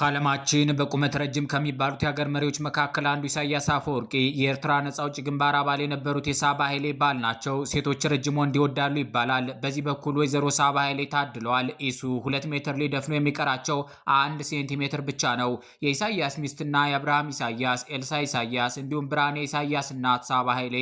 ከዓለማችን በቁመት ረጅም ከሚባሉት የሀገር መሪዎች መካከል አንዱ ኢሳያስ አፈወርቂ የኤርትራ ነጻ አውጪ ግንባር አባል የነበሩት የሳባ ኃይሌ ባል ናቸው። ሴቶች ረጅም ወንድ ይወዳሉ ይባላል። በዚህ በኩል ወይዘሮ ሳባ ኃይሌ ታድለዋል። ኢሱ ሁለት ሜትር ሊደፍኑ የሚቀራቸው አንድ ሴንቲሜትር ብቻ ነው። የኢሳያስ ሚስትና የአብርሃም ኢሳያስ፣ ኤልሳ ኢሳያስ እንዲሁም ብርሃኔ ኢሳያስ እናት ሳባ ኃይሌ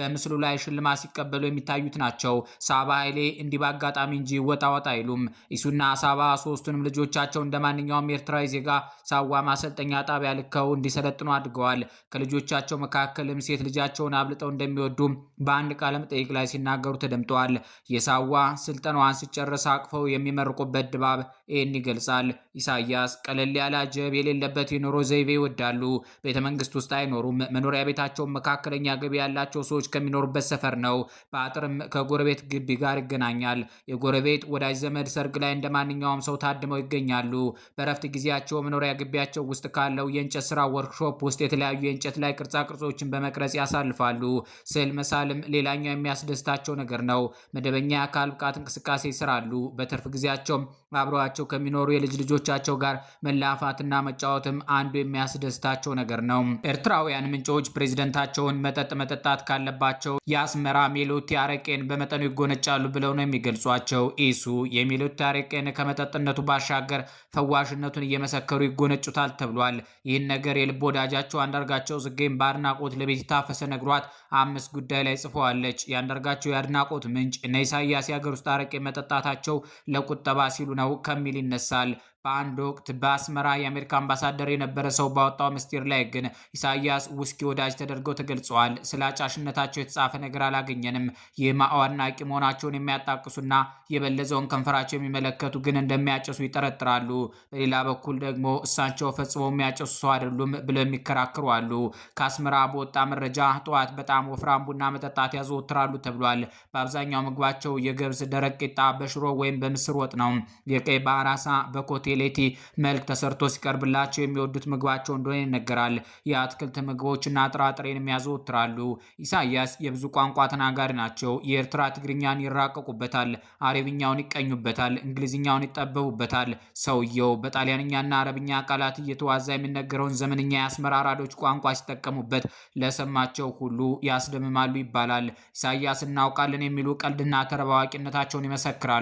በምስሉ ላይ ሽልማት ሲቀበሉ የሚታዩት ናቸው። ሳባ ኃይሌ እንዲህ በአጋጣሚ እንጂ ወጣ ወጣ አይሉም። ኢሱና ሳባ ሶስቱንም ልጆቻቸው እንደማንኛውም ኤርትራዊ ዜጋ ሳዋ ማሰልጠኛ ጣቢያ ልከው እንዲሰለጥኑ አድገዋል። ከልጆቻቸው መካከልም ሴት ልጃቸውን አብልጠው እንደሚወዱ በአንድ ቃለ መጠይቅ ላይ ሲናገሩ ተደምጠዋል። የሳዋ ስልጠናዋን ሲጨርስ አቅፈው የሚመርቁበት ድባብ ይህን ይገልጻል። ኢሳያስ ቀለል ያለ አጀብ የሌለበት የኑሮ ዘይቤ ይወዳሉ። ቤተ መንግስት ውስጥ አይኖሩም። መኖሪያ ቤታቸውን መካከለኛ ገቢ ያላቸው ሰዎች ከሚኖሩበት ሰፈር ነው። በአጥርም ከጎረቤት ግቢ ጋር ይገናኛል። የጎረቤት ወዳጅ ዘመድ ሰርግ ላይ እንደ ማንኛውም ሰው ታድመው ይገኛሉ። በረፍት ጊዜያቸው መኖሪያ ግቢያቸው ውስጥ ካለው የእንጨት ስራ ወርክሾፕ ውስጥ የተለያዩ የእንጨት ላይ ቅርጻ ቅርጾችን በመቅረጽ ያሳልፋሉ። ስዕል መሳልም ሌላኛው የሚያስደስታቸው ነገር ነው። መደበኛ የአካል ብቃት እንቅስቃሴ ይሰራሉ። በትርፍ ጊዜያቸውም አብረዋቸው ከሚኖሩ የልጅ ልጆቻቸው ጋር መላፋትና መጫወትም አንዱ የሚያስደስታቸው ነገር ነው። ኤርትራውያን ምንጮች ፕሬዝደንታቸውን መጠጥ መጠጣት ካለባቸው የአስመራ ሜሎቲ አረቄን በመጠኑ ይጎነጫሉ ብለው ነው የሚገልጿቸው። ኢሱ የሜሎቲ አረቄን ከመጠጥነቱ ባሻገር ፈዋሽነቱን እየመሰከሩ ይጎነጩታል ተብሏል። ይህን ነገር የልብ ወዳጃቸው አንዳርጋቸው ጽጌም በአድናቆት ለቤት የታፈሰ ነግሯት አምስት ጉዳይ ላይ ጽፈዋለች። የአንዳርጋቸው የአድናቆት ምንጭ እነ ኢሳያስ የሀገር ውስጥ አረቄ መጠጣታቸው ለቁጠባ ሲሉ ነው ከሚል ይነሳል። በአንድ ወቅት በአስመራ የአሜሪካ አምባሳደር የነበረ ሰው ባወጣው ምስጢር ላይ ግን ኢሳያስ ውስኪ ወዳጅ ተደርገው ተገልጸዋል። ስለ አጫሽነታቸው የተጻፈ ነገር አላገኘንም። የማኦ አድናቂ መሆናቸውን የሚያጣቅሱና የበለዘውን ከንፈራቸው የሚመለከቱ ግን እንደሚያጨሱ ይጠረጥራሉ። በሌላ በኩል ደግሞ እሳቸው ፈጽሞ የሚያጨሱ ሰው አይደሉም ብለው የሚከራከሩ አሉ። ከአስመራ በወጣ መረጃ ጠዋት በጣም ወፍራም ቡና መጠጣት ያዘወትራሉ ተብሏል። በአብዛኛው ምግባቸው የገብስ ደረቅ ቂጣ በሽሮ ወይም በምስር ወጥ ነው። የቀይ ባህር አሳ በኮቴል ስፔጌሌቲ መልክ ተሰርቶ ሲቀርብላቸው የሚወዱት ምግባቸው እንደሆነ ይነገራል። የአትክልት ምግቦችና ጥራጥሬንም ያዘወትራሉ። ኢሳያስ የብዙ ቋንቋ ተናጋሪ ናቸው። የኤርትራ ትግርኛን ይራቀቁበታል፣ አረብኛውን ይቀኙበታል፣ እንግሊዝኛውን ይጠበቡበታል። ሰውየው በጣሊያንኛና አረብኛ ቃላት እየተዋዛ የሚነገረውን ዘመንኛ የአስመራ አራዶች ቋንቋ ሲጠቀሙበት ለሰማቸው ሁሉ ያስደምማሉ ይባላል። ኢሳያስ እናውቃለን የሚሉ ቀልድና ተረባዋቂነታቸውን ይመሰክራሉ።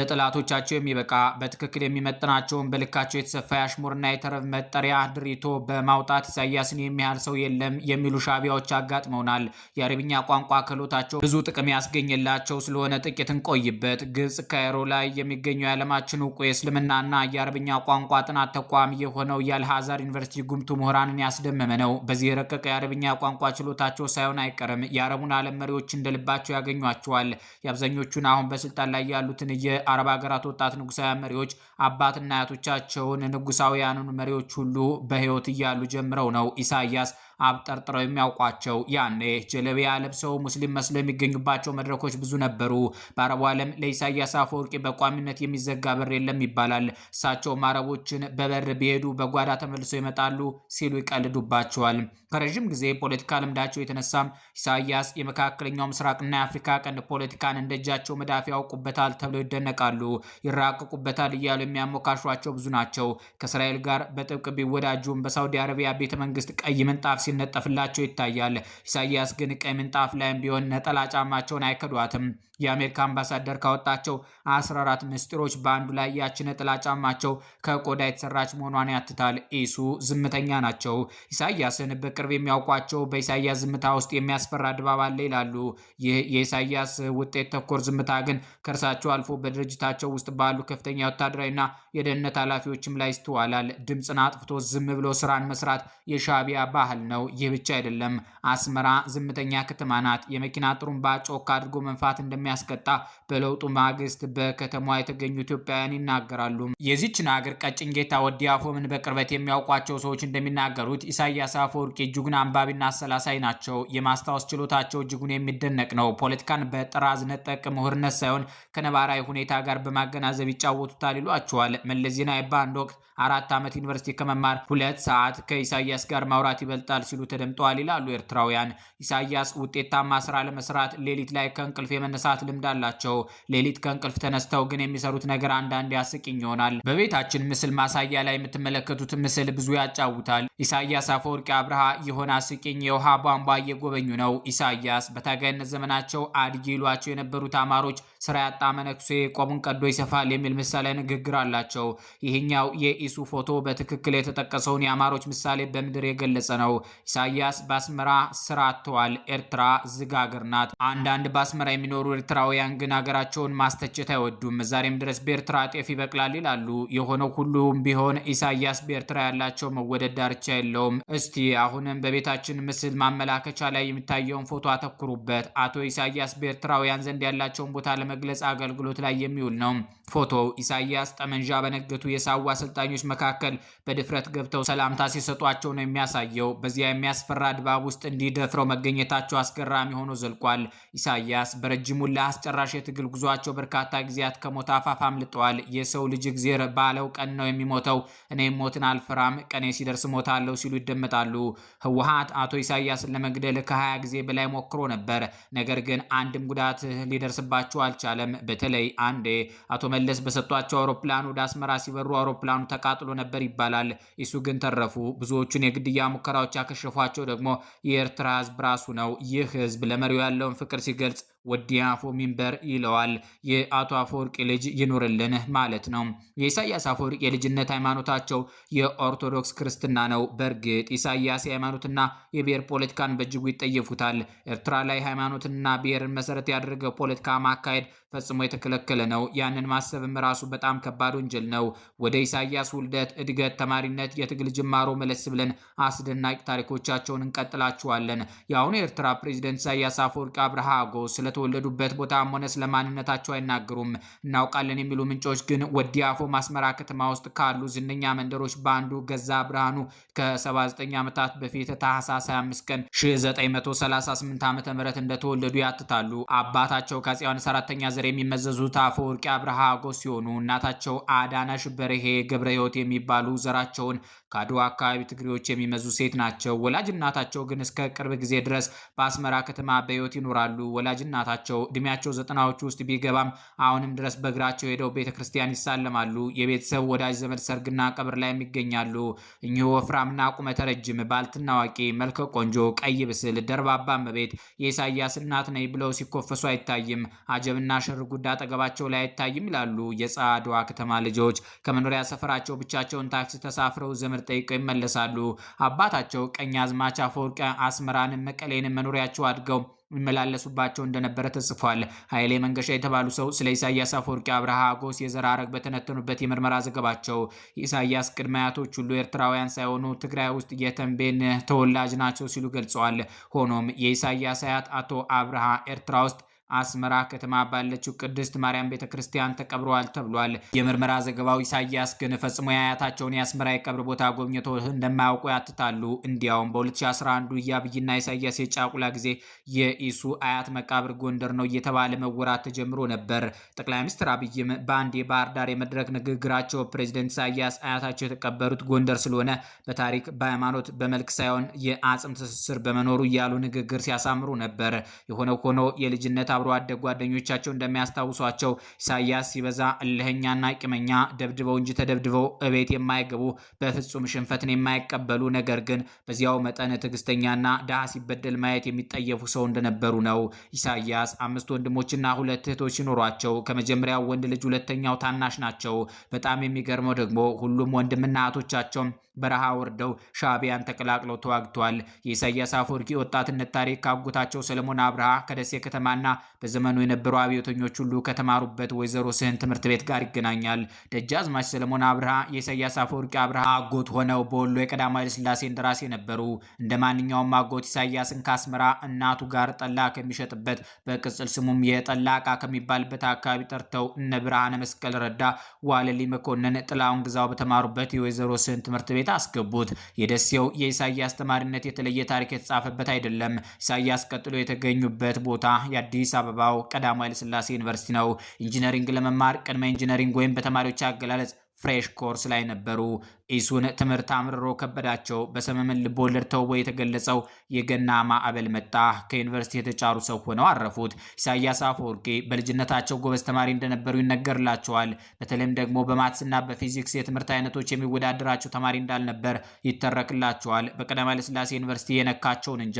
ለጠላቶቻቸው የሚበቃ በትክክል የሚመጥናቸው ፊታቸውን በልካቸው የተሰፋ የአሽሙርና የተረብ መጠሪያ ድሪቶ በማውጣት ኢሳያስን የሚያህል ሰው የለም የሚሉ ሻቢያዎች አጋጥመውናል። የአረብኛ ቋንቋ ክህሎታቸው ብዙ ጥቅም ያስገኝላቸው ስለሆነ ጥቂት እንቆይበት። ግብፅ ካይሮ ላይ የሚገኘው የዓለማችን ዕውቁ የእስልምናና የአረብኛ ቋንቋ ጥናት ተቋም የሆነው የአልሃዛር ዩኒቨርሲቲ ጉምቱ ምሁራንን ያስደመመ ነው። በዚህ ረቀቀ የአረብኛ ቋንቋ ችሎታቸው ሳይሆን አይቀርም የአረቡን ዓለም መሪዎች እንደልባቸው ያገኟቸዋል። የአብዛኞቹን አሁን በስልጣን ላይ ያሉትን የአረብ ሀገራት ወጣት ንጉሳዊ መሪዎች አባትና አያቶቻቸውን ንጉሳውያኑን መሪዎች ሁሉ በሕይወት እያሉ ጀምረው ነው ኢሳያስ አብጠርጥረው የሚያውቋቸው ያኔ ጀለቢያ ለብሰው ሙስሊም መስለው የሚገኙባቸው መድረኮች ብዙ ነበሩ። በአረቡ ዓለም ለኢሳያስ አፈወርቂ በቋሚነት የሚዘጋ በር የለም ይባላል። እሳቸውም አረቦችን በበር ቢሄዱ በጓዳ ተመልሶ ይመጣሉ ሲሉ ይቀልዱባቸዋል። ከረዥም ጊዜ ፖለቲካ ልምዳቸው የተነሳም ኢሳያስ የመካከለኛው ምስራቅና የአፍሪካ ቀንድ ፖለቲካን እንደ እጃቸው መዳፍ ያውቁበታል ተብለው ይደነቃሉ። ይራቀቁበታል እያሉ የሚያሞካሿቸው ብዙ ናቸው። ከእስራኤል ጋር በጥብቅ ቢወዳጁም በሳውዲ አረቢያ ቤተመንግስት ቀይ ምንጣፍ ሲነጠፍላቸው ይታያል። ኢሳያስ ግን ቀይ ምንጣፍ ላይም ቢሆን ነጠላ ጫማቸውን አይከዷትም። የአሜሪካ አምባሳደር ካወጣቸው 14 ምስጢሮች በአንዱ ላይ ያች ነጠላ ጫማቸው ከቆዳ የተሰራች መሆኗን ያትታል። ኢሱ ዝምተኛ ናቸው። ኢሳያስን በቅርብ የሚያውቋቸው በኢሳያስ ዝምታ ውስጥ የሚያስፈራ ድባብ አለ ይላሉ። ይህ የኢሳያስ ውጤት ተኮር ዝምታ ግን ከእርሳቸው አልፎ በድርጅታቸው ውስጥ ባሉ ከፍተኛ ወታደራዊና የደህንነት ኃላፊዎችም ላይ ይስተዋላል። ድምፅን አጥፍቶ ዝም ብሎ ስራን መስራት የሻቢያ ባህል ነው። ነው። ይህ ብቻ አይደለም። አስመራ ዝምተኛ ከተማ ናት። የመኪና ጥሩምባ ጮክ አድርጎ መንፋት እንደሚያስቀጣ በለውጡ ማግስት በከተማ የተገኙ ኢትዮጵያውያን ይናገራሉ። የዚችን ሀገር ቀጭን ጌታ ወዲ አፎምን በቅርበት የሚያውቋቸው ሰዎች እንደሚናገሩት ኢሳያስ አፈወርቂ እጅጉን አንባቢና አሰላሳይ ናቸው። የማስታወስ ችሎታቸው እጅጉን የሚደነቅ ነው። ፖለቲካን በጥራዝ ነጠቅ ምሁርነት ሳይሆን ከነባራዊ ሁኔታ ጋር በማገናዘብ ይጫወቱታል ይሏቸዋል። መለስ ዜናዊ በአንድ ወቅት አራት ዓመት ዩኒቨርሲቲ ከመማር ሁለት ሰዓት ከኢሳያስ ጋር ማውራት ይበልጣል ሲሉ ተደምጠዋል ይላሉ ኤርትራውያን። ኢሳያስ ውጤታማ ስራ ለመስራት ሌሊት ላይ ከእንቅልፍ የመነሳት ልምድ አላቸው። ሌሊት ከእንቅልፍ ተነስተው ግን የሚሰሩት ነገር አንዳንድ ያስቅኝ ይሆናል። በቤታችን ምስል ማሳያ ላይ የምትመለከቱት ምስል ብዙ ያጫውታል። ኢሳያስ አፈወርቂ አብርሃ የሆነ አስቂኝ የውሃ ቧንቧ እየጎበኙ ነው። ኢሳያስ በታጋይነት ዘመናቸው አድጊ ይሏቸው የነበሩት አማሮች ስራ ያጣ መነኩሴ ቆቡን ቀዶ ይሰፋል የሚል ምሳሌ ንግግር አላቸው። ይህኛው የኢሱ ፎቶ በትክክል የተጠቀሰውን የአማሮች ምሳሌ በምድር የገለጸ ነው። ኢሳያስ በአስመራ ስራ አጥተዋል። ኤርትራ ዝግ አገር ናት። አንዳንድ በአስመራ የሚኖሩ ኤርትራውያን ግን ሀገራቸውን ማስተቸት አይወዱም። ዛሬም ድረስ በኤርትራ ጤፍ ይበቅላል ይላሉ። የሆነው ሁሉም ቢሆን ኢሳያስ በኤርትራ ያላቸው መወደድ ዳርቻ የለውም። እስቲ አሁንም በቤታችን ምስል ማመላከቻ ላይ የሚታየውን ፎቶ አተኩሩበት። አቶ ኢሳያስ በኤርትራውያን ዘንድ ያላቸውን ቦታ ለመግለጽ አገልግሎት ላይ የሚውል ነው። ፎቶው ኢሳያስ ጠመንጃ በነገቱ የሳዋ አሰልጣኞች መካከል በድፍረት ገብተው ሰላምታ ሲሰጧቸው ነው የሚያሳየው። በዚህ በዚያ የሚያስፈራ ድባብ ውስጥ እንዲደፍረው መገኘታቸው አስገራሚ ሆኖ ዘልቋል። ኢሳያስ በረጅሙ ለአስጨራሽ የትግል ጉዟቸው በርካታ ጊዜያት ከሞት አፋፍ አምልጠዋል። የሰው ልጅ እግዜር ባለው ቀን ነው የሚሞተው፣ እኔም ሞትን አልፈራም፣ ቀኔ ሲደርስ ሞታለሁ ሲሉ ይደመጣሉ። ህወሀት አቶ ኢሳያስን ለመግደል ከሀያ ጊዜ በላይ ሞክሮ ነበር። ነገር ግን አንድም ጉዳት ሊደርስባቸው አልቻለም። በተለይ አንዴ አቶ መለስ በሰጧቸው አውሮፕላን ወደ አስመራ ሲበሩ አውሮፕላኑ ተቃጥሎ ነበር ይባላል። እሱ ግን ተረፉ። ብዙዎቹን የግድያ ሙከራዎች ያከሸፏቸው ደግሞ የኤርትራ ህዝብ ራሱ ነው። ይህ ህዝብ ለመሪው ያለውን ፍቅር ሲገልጽ ወዲያ አፎ ሚንበር ይለዋል። የአቶ አፈወርቂ ልጅ ይኑርልን ማለት ነው። የኢሳያስ አፈወርቂ የልጅነት ሃይማኖታቸው የኦርቶዶክስ ክርስትና ነው። በእርግጥ ኢሳያስ የሃይማኖትና የብሔር ፖለቲካን በእጅጉ ይጠየፉታል። ኤርትራ ላይ ሃይማኖትና ብሔርን መሰረት ያደረገ ፖለቲካ ማካሄድ ፈጽሞ የተከለከለ ነው። ያንን ማሰብም ራሱ በጣም ከባድ ወንጀል ነው። ወደ ኢሳያስ ውልደት፣ እድገት፣ ተማሪነት፣ የትግል ጅማሮ መለስ ብለን አስደናቂ ታሪኮቻቸውን እንቀጥላቸዋለን። የአሁኑ የኤርትራ ፕሬዚደንት ኢሳያስ አፈወርቂ አብርሃ አጎ ስለተወለዱበት ቦታም ሆነ ስለማንነታቸው አይናገሩም። እናውቃለን የሚሉ ምንጮች ግን አፎ ማስመራ ከተማ ውስጥ ካሉ ዝነኛ መንደሮች በአንዱ ገዛ ብርሃኑ ከ79 ዓመታት በፊት ታህሳስ 25 ቀን 938 ዓ ም እንደተወለዱ ያትታሉ። አባታቸው ከአፄ ዮሐንስ አራተኛ ዘር የሚመዘዙት አፈወርቂ አብርሃ አጎስ ሲሆኑ እናታቸው አዳነሽ በርሄ ገብረ ሕይወት የሚባሉ ዘራቸውን ከአድዋ አካባቢ ትግሬዎች የሚመዙ ሴት ናቸው። ወላጅ እናታቸው ግን እስከ ቅርብ ጊዜ ድረስ በአስመራ ከተማ በሕይወት ይኖራሉ። ወላጅ እናታቸው ዕድሜያቸው ዘጠናዎቹ ውስጥ ቢገባም አሁንም ድረስ በእግራቸው ሄደው ቤተ ክርስቲያን ይሳለማሉ። የቤተሰብ ወዳጅ ዘመድ ሰርግና ቀብር ላይም ይገኛሉ። እኚሁ ወፍራምና ቁመተ ረጅም ባልትና አዋቂ መልከ ቆንጆ ቀይ ብስል ደርባባ እመቤት የኢሳያስ እናት ነኝ ብለው ሲኮፈሱ አይታይም። አጀብና ሽር ጉድ አጠገባቸው ላይ አይታይም ይላሉ የአድዋ ከተማ ልጆች። ከመኖሪያ ሰፈራቸው ብቻቸውን ታክሲ ተሳፍረው ዘመድ ለፍርድ ጠይቀው ይመለሳሉ። አባታቸው አዝማች አፈወርቅ አስመራን መቀሌን መኖሪያቸው አድገው ይመላለሱባቸው እንደነበረ ተጽፏል። ኃይሌ መንገሻ የተባሉ ሰው ስለ ኢሳያስ አፈወርቂ አብርሃ አጎስ የዘር ሐረግ በተነተኑበት የምርመራ ዘገባቸው ኢሳያስ ቅድመ አያቶች ሁሉ ኤርትራውያን ሳይሆኑ ትግራይ ውስጥ የተንቤን ተወላጅ ናቸው ሲሉ ገልጸዋል። ሆኖም የኢሳያስ አያት አቶ አብርሃ ኤርትራ ውስጥ አስመራ ከተማ ባለችው ቅድስት ማርያም ቤተ ክርስቲያን ተቀብረዋል ተብሏል። የምርመራ ዘገባው ኢሳያስ ግን ፈጽሞ የአያታቸውን የአስመራ የቀብር ቦታ ጎብኝቶ እንደማያውቁ ያትታሉ። እንዲያውም በ2011 የአብይና ኢሳያስ የጫቁላ ጊዜ የኢሱ አያት መቃብር ጎንደር ነው እየተባለ መወራት ተጀምሮ ነበር። ጠቅላይ ሚኒስትር አብይም በአንድ የባህር ዳር የመድረክ ንግግራቸው ፕሬዚደንት ኢሳያስ አያታቸው የተቀበሩት ጎንደር ስለሆነ በታሪክ በሃይማኖት፣ በመልክ ሳይሆን የአጽም ትስስር በመኖሩ እያሉ ንግግር ሲያሳምሩ ነበር። የሆነ ሆኖ የልጅነት አብሮ አደግ ጓደኞቻቸው እንደሚያስታውሷቸው ኢሳያስ ሲበዛ እልህኛና ቂመኛ ደብድበው እንጂ ተደብድበው እቤት የማይገቡ በፍጹም ሽንፈትን የማይቀበሉ ነገር ግን በዚያው መጠን ትዕግስተኛና ድሃ ሲበደል ማየት የሚጠየፉ ሰው እንደነበሩ ነው። ኢሳያስ አምስት ወንድሞችና ሁለት እህቶች ሲኖሯቸው ከመጀመሪያው ወንድ ልጅ ሁለተኛው ታናሽ ናቸው። በጣም የሚገርመው ደግሞ ሁሉም ወንድምና እህቶቻቸው በረሃ ወርደው ሻዕቢያን ተቀላቅለው ተዋግተዋል። የኢሳያስ አፈወርቂ ወጣትነት ታሪክ ካጉታቸው ሰለሞን አብርሃ ከደሴ ከተማና በዘመኑ የነበሩ አብዮተኞች ሁሉ ከተማሩበት ወይዘሮ ስህን ትምህርት ቤት ጋር ይገናኛል። ደጃዝማች ሰለሞን አብርሃ የኢሳያስ አፈወርቂ አብርሃ አጎት ሆነው በወሎ የቀዳማዊ ኃይለ ሥላሴ እንደራሴ ነበሩ። እንደ ማንኛውም አጎት ኢሳያስን ከአስመራ እናቱ ጋር ጠላ ከሚሸጥበት በቅጽል ስሙም የጠላ ከሚባልበት አካባቢ ጠርተው እነ ብርሃነ መስቀል ረዳ፣ ዋለሊ መኮንን፣ ጥላውን ግዛው በተማሩበት የወይዘሮ ስህን ትምህርት ቤት አስገቡት። የደሴው የኢሳያስ ተማሪነት የተለየ ታሪክ የተጻፈበት አይደለም። ኢሳያስ ቀጥሎ የተገኙበት ቦታ የአዲስ አበባው ቀዳማዊ ኃይለሥላሴ ዩኒቨርሲቲ ነው። ኢንጂነሪንግ ለመማር ቅድመ ኢንጂነሪንግ ወይም በተማሪዎች አገላለጽ ፍሬሽ ኮርስ ላይ ነበሩ። ኢሱን ትምህርት አምርሮ ከበዳቸው በሰመመን ልቦለድ ተውቦ የተገለጸው የገና ማዕበል መጣ። ከዩኒቨርሲቲ የተጫሩ ሰው ሆነው አረፉት። ኢሳያስ አፈወርቂ በልጅነታቸው ጎበዝ ተማሪ እንደነበሩ ይነገርላቸዋል። በተለይም ደግሞ በማትስና በፊዚክስ የትምህርት አይነቶች የሚወዳደራቸው ተማሪ እንዳልነበር ይተረክላቸዋል። በቀዳማዊ ኃይለ ሥላሴ ዩኒቨርሲቲ የነካቸውን እንጃ።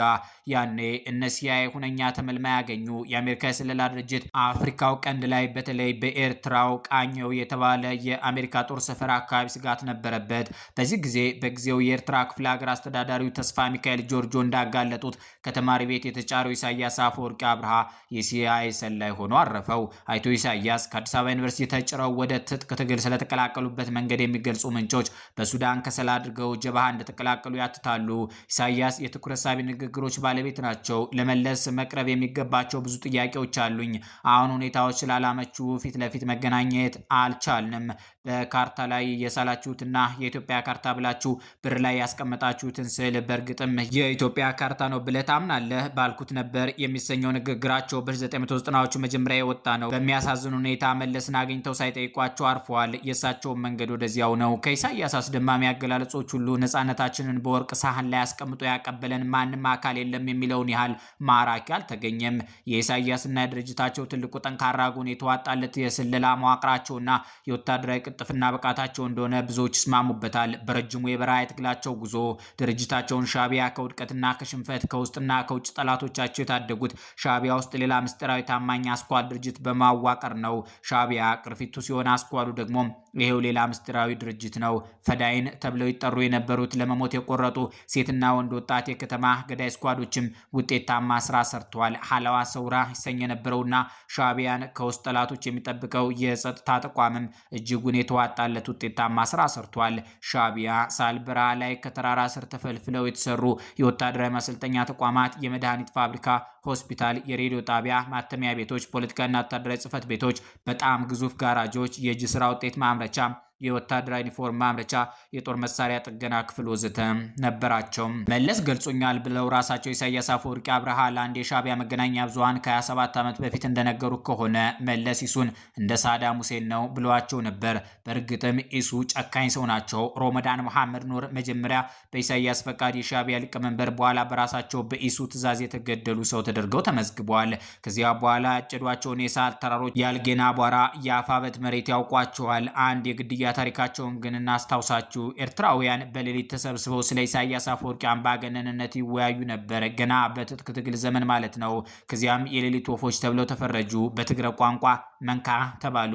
ያኔ እነ ሲአይኤ ሁነኛ ተመልማ ያገኙ። የአሜሪካ የስለላ ድርጅት አፍሪካው ቀንድ ላይ በተለይ በኤርትራው ቃኘው የተባለ የአሜሪካ ጦር ሰፈር አካባቢ ስጋት ነበረበት። አለበት። በዚህ ጊዜ በጊዜው የኤርትራ ክፍለ ሀገር አስተዳዳሪው ተስፋ ሚካኤል ጆርጆ እንዳጋለጡት ከተማሪ ቤት የተጫረው ኢሳያስ አፈወርቂ አብርሃ የሲአይ ሰላይ ሆኖ አረፈው። አይቶ ኢሳያስ ከአዲስ አበባ ዩኒቨርሲቲ ተጭረው ወደ ትጥቅ ትግል ስለተቀላቀሉበት መንገድ የሚገልጹ ምንጮች በሱዳን ከሰላ አድርገው ጀብሃ እንደተቀላቀሉ ያትታሉ። ኢሳያስ የትኩረት ሳቢ ንግግሮች ባለቤት ናቸው። ለመለስ መቅረብ የሚገባቸው ብዙ ጥያቄዎች አሉኝ። አሁን ሁኔታዎች ስላላመቹ ፊት ለፊት መገናኘት አልቻልንም። በካርታ ላይ የሳላችሁትና የኢትዮጵያ ካርታ ብላችሁ ብር ላይ ያስቀመጣችሁትን ስዕል በእርግጥም የኢትዮጵያ ካርታ ነው ብለህ ታምናለህ ባልኩት ነበር የሚሰኘው ንግግራቸው በ1990ዎቹ መጀመሪያ የወጣ ነው። በሚያሳዝን ሁኔታ መለስን አግኝተው ሳይጠይቋቸው አርፈዋል። የእሳቸውን መንገድ ወደዚያው ነው። ከኢሳያስ አስደማሚ አገላለጾች ሁሉ ነፃነታችንን በወርቅ ሳህን ላይ አስቀምጦ ያቀበለን ማንም አካል የለም የሚለውን ያህል ማራኪ አልተገኘም። የኢሳያስና የድርጅታቸው ትልቁ ጠንካራ ጎን የተዋጣለት የስለላ መዋቅራቸውና የወታደራዊ ቅጥፍና ብቃታቸው እንደሆነ ብዙዎች ይስማሙ ይስማሙበታል። በረጅሙ የበረሃ የትግላቸው ጉዞ ድርጅታቸውን ሻቢያ ከውድቀትና ከሽንፈት ከውስጥና ከውጭ ጠላቶቻቸው የታደጉት ሻቢያ ውስጥ ሌላ ምስጢራዊ ታማኝ አስኳል ድርጅት በማዋቀር ነው። ሻቢያ ቅርፊቱ ሲሆን፣ አስኳሉ ደግሞ ይሄው ሌላ ምስጢራዊ ድርጅት ነው። ፈዳይን ተብለው ይጠሩ የነበሩት ለመሞት የቆረጡ ሴትና ወንድ ወጣት የከተማ ገዳይ ስኳዶችም ውጤታማ ስራ ሰርተዋል። ሀላዋ ሰውራ ይሰኝ የነበረውና ሻቢያን ከውስጥ ጠላቶች የሚጠብቀው የጸጥታ ተቋምም እጅጉን የተዋጣለት ውጤታማ ስራ ሰርቷል። ሻቢያ ሳልብራ ላይ ከተራራ ስር ተፈልፍለው የተሰሩ የወታደራዊ ማሰልጠኛ ተቋማት፣ የመድኃኒት ፋብሪካ፣ ሆስፒታል፣ የሬዲዮ ጣቢያ፣ ማተሚያ ቤቶች፣ ፖለቲካና ወታደራዊ ጽህፈት ቤቶች፣ በጣም ግዙፍ ጋራጆች፣ የእጅ ስራ ውጤት ማምረቻ የወታደራዊ ዩኒፎርም ማምረቻ፣ የጦር መሳሪያ ጥገና ክፍል ወዘተ ነበራቸው። መለስ ገልጾኛል ብለው ራሳቸው ኢሳያስ አፈወርቂ አብርሃ ለአንድ የሻቢያ መገናኛ ብዙሀን ከ27 ዓመት በፊት እንደነገሩ ከሆነ መለስ ኢሱን እንደ ሳዳም ሁሴን ነው ብለዋቸው ነበር። በእርግጥም ኢሱ ጨካኝ ሰው ናቸው። ሮመዳን መሐመድ ኑር መጀመሪያ በኢሳያስ ፈቃድ የሻቢያ ሊቀመንበር፣ በኋላ በራሳቸው በኢሱ ትእዛዝ የተገደሉ ሰው ተደርገው ተመዝግበዋል። ከዚያ በኋላ ያጨዷቸውን የሳል ተራሮች፣ ያልጌና አቧራ፣ የአፋበት መሬት ያውቋቸዋል። አንድ የግድያ ታሪካቸውን ግን እናስታውሳችሁ። ኤርትራውያን በሌሊት ተሰብስበው ስለ ኢሳያስ አፈወርቂ አምባገነንነት ይወያዩ ነበር፣ ገና በትጥቅ ትግል ዘመን ማለት ነው። ከዚያም የሌሊት ወፎች ተብለው ተፈረጁ። በትግረ ቋንቋ መንካ ተባሉ።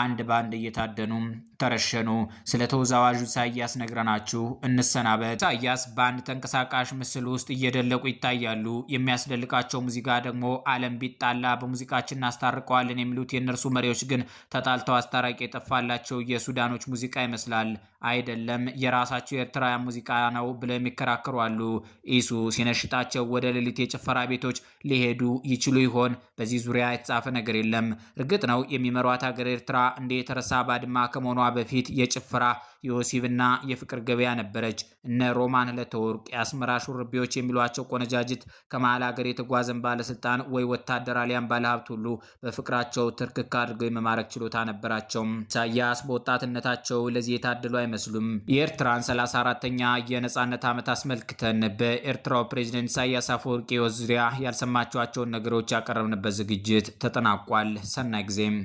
አንድ በአንድ እየታደኑም ተረሸኑ። ስለ ተወዛዋዡ ኢሳያስ ነግረናችሁ እንሰናበት። ኢሳያስ በአንድ ተንቀሳቃሽ ምስል ውስጥ እየደለቁ ይታያሉ። የሚያስደልቃቸው ሙዚቃ ደግሞ ዓለም ቢጣላ በሙዚቃችን እናስታርቀዋለን የሚሉት የእነርሱ መሪዎች ግን ተጣልተው አስታራቂ የጠፋላቸው የሱዳኑ የኤርትራውያኖች ሙዚቃ ይመስላል፣ አይደለም የራሳቸው የኤርትራውያን ሙዚቃ ነው ብለው የሚከራከሩ አሉ። ኢሱ ሲነሽጣቸው ወደ ሌሊት የጭፈራ ቤቶች ሊሄዱ ይችሉ ይሆን? በዚህ ዙሪያ የተጻፈ ነገር የለም። እርግጥ ነው የሚመሯት ሀገር ኤርትራ እንደ የተረሳ ባድማ ከመሆኗ በፊት የጭፈራ የወሲብና የፍቅር ገበያ ነበረች። እነ ሮማን ለተወርቅ የአስመራ ሹርቢዎች የሚሏቸው ቆነጃጅት ከመሀል ሀገር የተጓዘን ባለስልጣን ወይ ወታደር አሊያን ባለሀብት ሁሉ በፍቅራቸው ትርክክ አድርገው የመማረክ ችሎታ ነበራቸው። ኢሳያስ በወጣትነታቸው ለዚህ የታደሉ አይመስሉም። የኤርትራን 34ተኛ የነጻነት ዓመት አስመልክተን በኤርትራው ፕሬዚደንት ኢሳያስ አፈወርቂ ሕይወት ዙሪያ ያልሰማችኋቸውን ነገሮች ያቀረብንበት ዝግጅት ተጠናቋል። ሰናይ ጊዜም